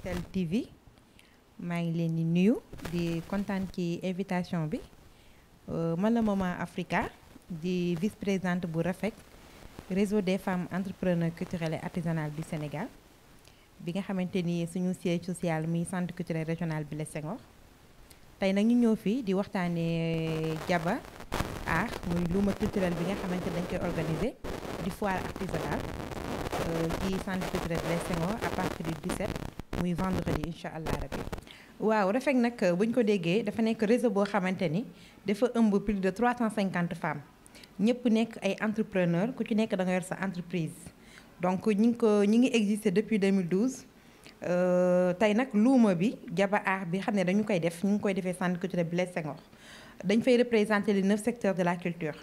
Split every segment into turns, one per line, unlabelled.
Tektal TV maa ngi leen di nuyu di kontaan ci invitation bi euh, man la moment Africa di vice-présidente bu RAFEC réseau des femmes entrepreneurs culturelles et bi du Sénégal bi nga xamante ni suñu siège social muy centre culturel régional bi la Senghor tey nag ñu ñëw fii di waxtaanee jaba art muy luuma culturel bi nga xamante dañ koy organiser di foire artisanale euh, ci centre culturel bi la Senghor à partir du 17 muy vendredi incha allah rabbi waaw Refec nag euh, ñu ko déggee dafa nekk réseau boo xamante ni dafa ëmb plus de 350 femmes ñëpp nekk ay entrepreneur ku ci nekk da nga yor sa entreprise donc ñi ngi ko ñi ngi exister depuis 2012 euh, tey nag luuma bi jaba aar bi xam ne dañu koy def ñu ngi koy defee centre culturel Blaise Senghor dañ fay représenter les neuf secteurs de la culture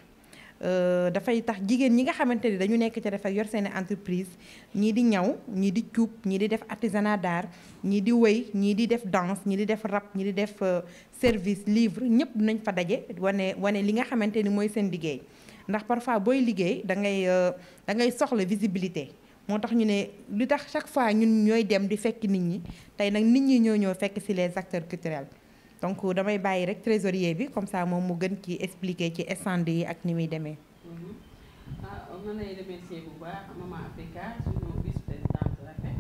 Euh, dafay tax jigéen ñi nga xamante ni dañu nekk ca dafa yor seeni entreprise ñii di ñaw ñii di cuub ñii di def artisanat d'art ñii di wéy ñii di def danse ñi di def rap ñii di def euh, service livre ñëpp nañ fa daje wane wane li nga xamante ni mooy seen liggéey ndax parfois booy liggéey da ngay euh, da ngay soxla visibilité moo tax ñu ne li tax chaque fois ñun ñooy dem di fekk nit ñi tey nag nit ñi ñoo ñoo fekk ci les acteurs culturels donc damay bàyyi rek trésorier bi comme ça moom mu gën ci expliquer ci stand yi ak ni muy demee.
Mm-hmm. ah mën nañu remercier bu baax Maman Africa suñu vice présidente rafet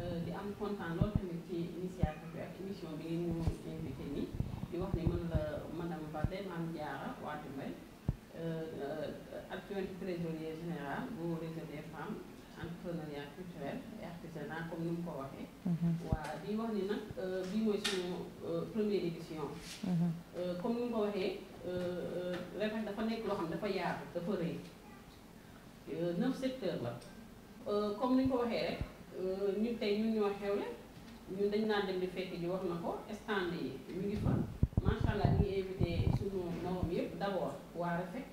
euh, di am kontaan lool tamit ci initiative bi ak émission bi ngeen ñu invité nii di wax ni man la madame Badé Mame Diarra Wade Mbaye euh, euh, actuelle trésorier général bu réseau des femmes. entrepreneuriat culturel et comme ni mu ko waxee. Mhm. waaw lii wax ni nag euh, bii mooy suñu euh, première édition. Mhm. Euh, comme ni mu ko waxee ren dafa nekk loo xam dafa yaatu dafa rëy neuf secteurs la. comme ni ñu ko waxee rek ñun tey ñun ñoo xewle ñun dañ naan dem di fekk ji wax na ko stand yi ñu ngi fa macha allah ngi invité suñu nawam yëpp d' abord waa Refec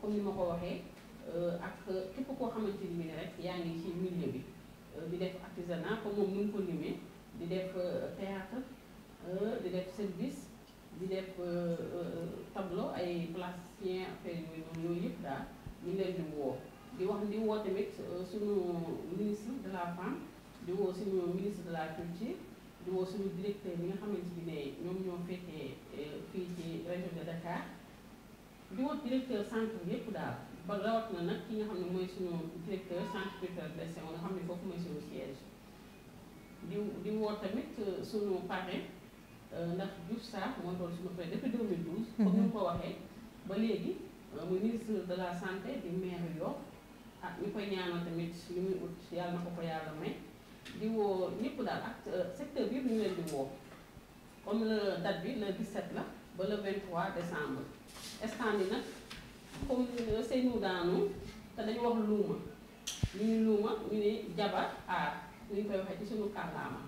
comme ni ma ko waxee. Euh, ak euh, képp koo xamante ni bi rek yaa ngi ci milieu bi euh, di def artisanat comme moom nu ko limee di def théâtre di def service di def tableau ay plasticien affaire yooyu noonu yooyu yëpp daal ñu leen di woo di wax di woo tamit suñu ministre de la femme di woo suñu ministre de la culture di woo suñu directeur yi nga xamante ni ne ñoom ñoo fekkee fii ci région de Dakar di woo directeur centre yëpp daal ba rawat na nag ki nga xam ne mooy suñu directeur centre culturel blessé nga xam ne foofu mooy suñu siège di woo tamit euh, suñu parrain euh, ndax Diouf Sarr moo doon suñu parrain depuis comme ni ko waxee ba léegi euh, mu ministre de la santé di maire Yoff ah ñu koy ñaanal tamit li muy ut yàlla na ko ko yàlla may di woo ñëpp daal ak secteur bi ñu leen di woo comme le date bi le 17 la ba le 23 décembre instant bi nag comme sëy mu daanu te dañu wax luuma ñu ni luuma ñu ni jabar aar ñu koy waxee ci suñu kàllaama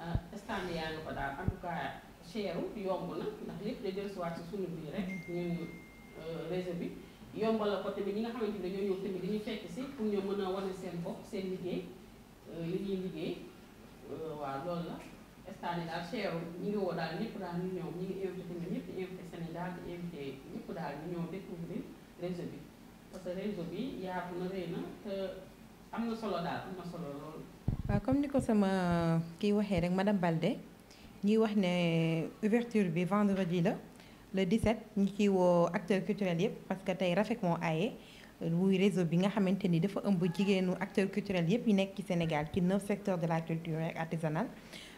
euh, stand yaa ngi ko daal en tout cas yomb na ndax lépp da jël siwaat si suñu biir rek ñun euh, réseau bi yombal la ko tamit ñi nga xamante ne ñoo ñëw tamit dañuy fekk si pour ñoo mën a wane seen bopp seen liggéey euh, li ñuy liggéey waaw loolu la stand yi daal cheru ñi ngi woo daal ñëpp daal ñu ñëw ñi ngi réseau bi parce que réseau bi yaatu na rëy te am na solo daal am na solo loolu.
waaw comme ni ko sama euh, kii waxee rek madame Balde ñuy wax ne ouverture bi vendredi la le 17 ñi ciy woo acteurs culturels yëpp parce que tey rafet moo aaye. muy euh, réseau bi nga xamante ni dafa ëmb jigéenu acteur culturel yëpp yi nekk ci Sénégal ki neuf secteurs de la culture artisanale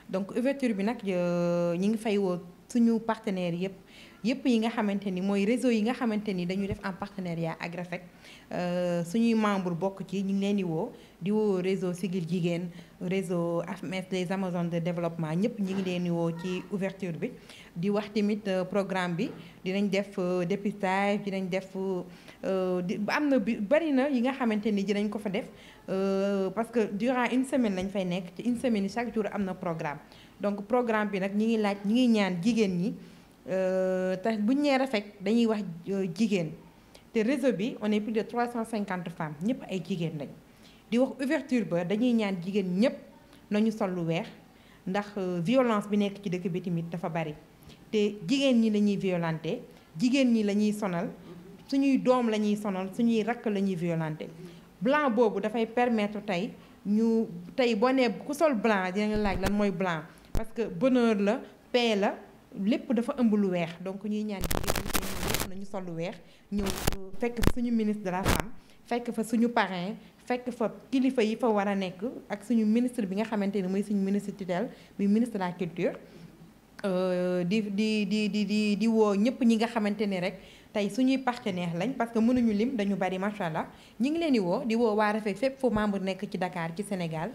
donc ouverture bi nag euh, ñi ngi fay woo suñu partenaires yëpp yëpp yi nga xamante ni mooy réseau yi nga xamante ni dañu def en partenariat ak Rafet euh, suñuy membre bokk ci ñu ngi leen di woo di woo réseau Sigil Jigéen réseau AFMES les Amazones de développement ñëpp ñu ngi leen di woo ci ouverture bi di wax tamit euh, programme bi dinañ def euh, dépistage nañ def am na bari na yi nga xamante ni di nañ ko fa def parce que durant une semaine lañ fay nekk ci une semaine chaque jour am na programme donc programme bi nag ñi ngi laaj ñi ngi ñaan jigéen ñi Euh, te buñ nee Rafec dañuy wax euh, jigéen te réseau bi on est plus de 350 femmes ñëpp ay jigéen lañ di wax ouverture ba dañuy ñaan jigéen ñëpp nañu sol lu weex ndax euh, violence bi nekk ci dëkk bi tamit dafa bari te jigéen ñi la ñuy violenté jigéen ñi la ñuy sonal suñuy doom la ñuy sonal suñuy rakk la ñuy violenté blanc boobu dafay permettre tey ñu tey boo nee ku sol blanc dinañ laaj lan mooy blanc parce que bonheur la paix la lépp dafa ëmb lu weex donc ñuy ñaan nañu sol lu weex fekk suñu ministre de fekk fa suñu parrain fekk fa kilifa yi fa war a nekk ak suñu ministre bi nga xamante ni mooy suñu ministre tutelle bi ministre de la euh, di di di di di di woo ñëpp ñi nga xamante ni rek tey suñuy partenaire lañ parce que mënuñu lim dañu bari macha allah ñi ngi leen di woo di woo waa Refec fépp fu membre nekk ci dakaar ci Sénégal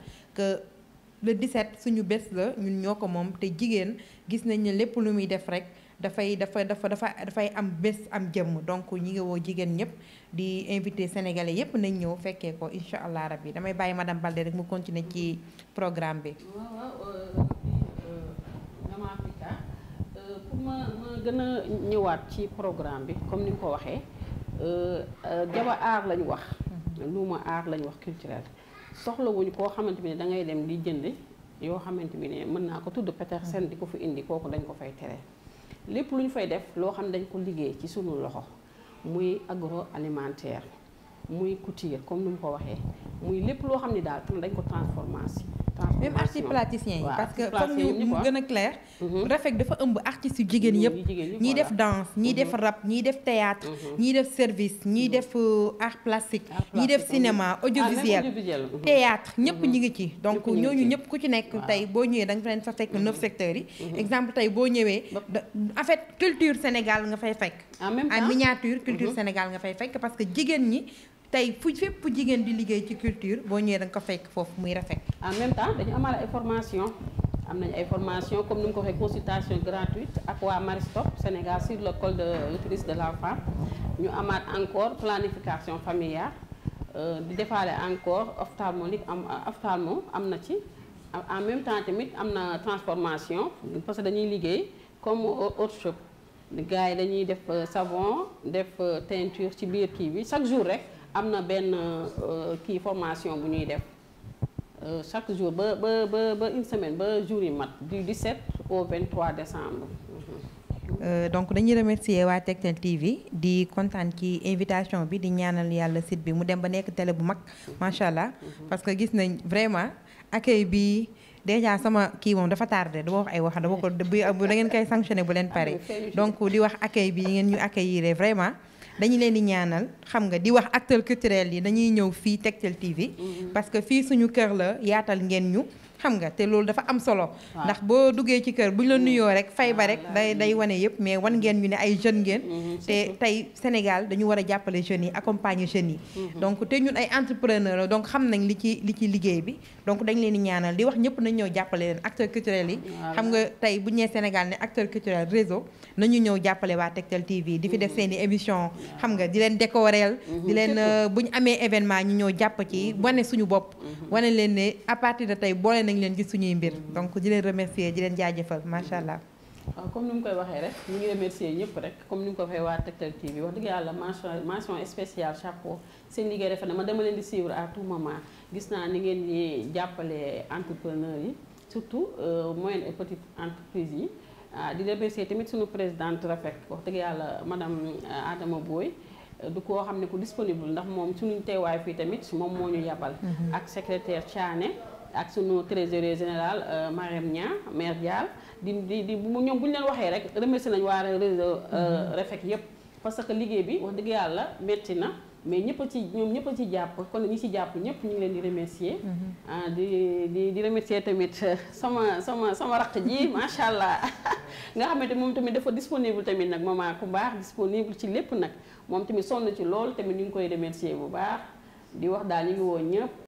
di 17 suñu bés la ñun ñoo ko moom te jigéen gis nañ ne lépp lu muy def rek dafay dafa dafa dafa dafay am bés am jëmm donc ñi ngi woo jigéen ñëpp di invité sénégalais yëpp nañ ñëw fekkee ko incha allah rabbi damay bàyyi madame Balde rek mu
continuer ci programme bi. Euh, euh, euh, pour ma ma gën a ñëwaat ci programme bi comme ni nga ko waxee Jawa Art lañ wax. Mm-hmm. luuma Art lañ wax culturel. soxlawuñu koo xamante bi ne da ngay dem di jënd yoo xamante bi ne mën naa ko tudd Petersen di ko fi indi kooku dañ ko fay tere lépp lu ñu fay def loo xam ne dañ ko liggéey ci suñu loxo muy agro agroalimentaire muy couture comme nu mu ko waxee muy lépp loo xam ne daal dañ ko transformation même artiste plasticien yi parce que comme ñu mu gën a clair mhm. Rafec
dafa ëmb artistes yu jigéen yëpp ñiy def danse ñiy def mhm. rap ñiy def théâtre mhm. ñiy def service ñiy def euh, art plastique ñiy def cinéma audiovisuel ah, théâtre ñëpp ñi ngi ci donc ñooñu ñëpp ku ci nekk tey boo ñëwee da fa leen sa fekk neuf secteurs yi exemple tey boo ñëwee en fait culture Sénégal nga fay fekk en miniature culture Sénégal nga
fay fekk parce que jigéen ñi tey fu fépp jigéen di liggéey ci culture boo ñëwee da ko fekk foofu muy rafet. en même temps dañu amaale ay formation am nañu ay formation comme ni mu ko waxee consultation gratuite ak waa Maristop Sénégal sur le col de l'utérus de l'enfant ñu amaat encore planification familiale euh, di defaale encore ophtalmologique am euh, ophtalmo am na ci en même temps tamit am na transformation parce que dañuy liggéey comme workshop gars yi dañuy def euh, savon def teinture ci biir kii bi chaque jour rek am na benn euh, kii formation bu ñuy def euh, chaque jour ba ba ba ba une semaine ba jour yi mat du 17 au 23 décembre.
Euh, donc dañuy remercier waa Tektal TV di kontaan ci invitation bi di ñaanal yàlla site bi mu dem ba nekk télé bu mag macha allah. parce que gis nañ vraiment accueil bi déjà sama kii moom dafa tardé dama wax ay wax dama ko bu da ngeen koy sanctionné bu leen pare ah, donc di wax accueil bi ngeen ñu accueillir vraiment. dañu leen di ñaanal xam nga di wax acteur culturel yi dañuy ñëw fii Tektal TV mm-hmm. parce que fii suñu kër la yaatal ngeen ñu xam nga te loolu dafa am solo ndax boo duggee ci kër bu ñu la mm. nuyoo rek fay ba rek day day wane yëpp mais wan ngeen ñu ne ay jeunes ngeen mm-hmm, te tey Sénégal dañu war a jàppale jeunes yi accompagner jeunes yi mm-hmm. donc te ñun ay entrepreneur donc xam nañ li ci li ci liggéey bi donc dañ leen di ñaanal di wax ñëpp nañ ñëw jàppale leen acteurs culturels yi xam nga tey bu ñu nee Sénégal ne acteur culturel réseau nañu ñëw jàppale waa Tektal TV di fi def mm-hmm. seen i émission xam nga di leen décoreel di leen euh, bu ñu amee événement ñu ñëw jàpp ci wane suñu bopp nañ leen ci suñuy mbir donc di leen remercier di leen jaajëfal macha allah.
waaw comme ni mu koy waxee rek ñu ngi remercier ñëpp rek comme ni mu ko waxee waa Tektal TV wax dëgg yàlla mention mention spéciale chapeau seen liggéey ma dama leen di suivre à tout moment gis naa ni ngeen di jàppale entrepreneurs yi surtout euh, moyenne et petite entreprise yi. Ah, di remercier tamit suñu présidente Rafet wax dëgg yàlla madame euh, Adama Boye euh, du koo xam ne ku disponible ndax moom suñu teewaay fii tamit moom moo ñu yabal. Mm-hmm. ak secrétaire Thiané. ak sunu trésorier général euh, Marème Niang maire Dial di di di ñoom bu ñu leen waxee rek remercier nañu waa réseau euh, mm-hmm. Refec yëpp parce que liggéey bi wax dëgg yàlla metti na mais ñëpp a ci ñoom ñëpp a ci jàpp kon ñu ci jàpp ñëpp ñu ngi leen di remercier mm-hmm. ah di di di remercier tamit sama sama sama raq ji macha allah nga xam xamante moom tamit dafa disponible tamit nag maman ku baax disponible ci lépp nag moom tamit sonn ci lool tamit ñu ngi koy remercier bu baax di wax daal ñu ngi woo ñëpp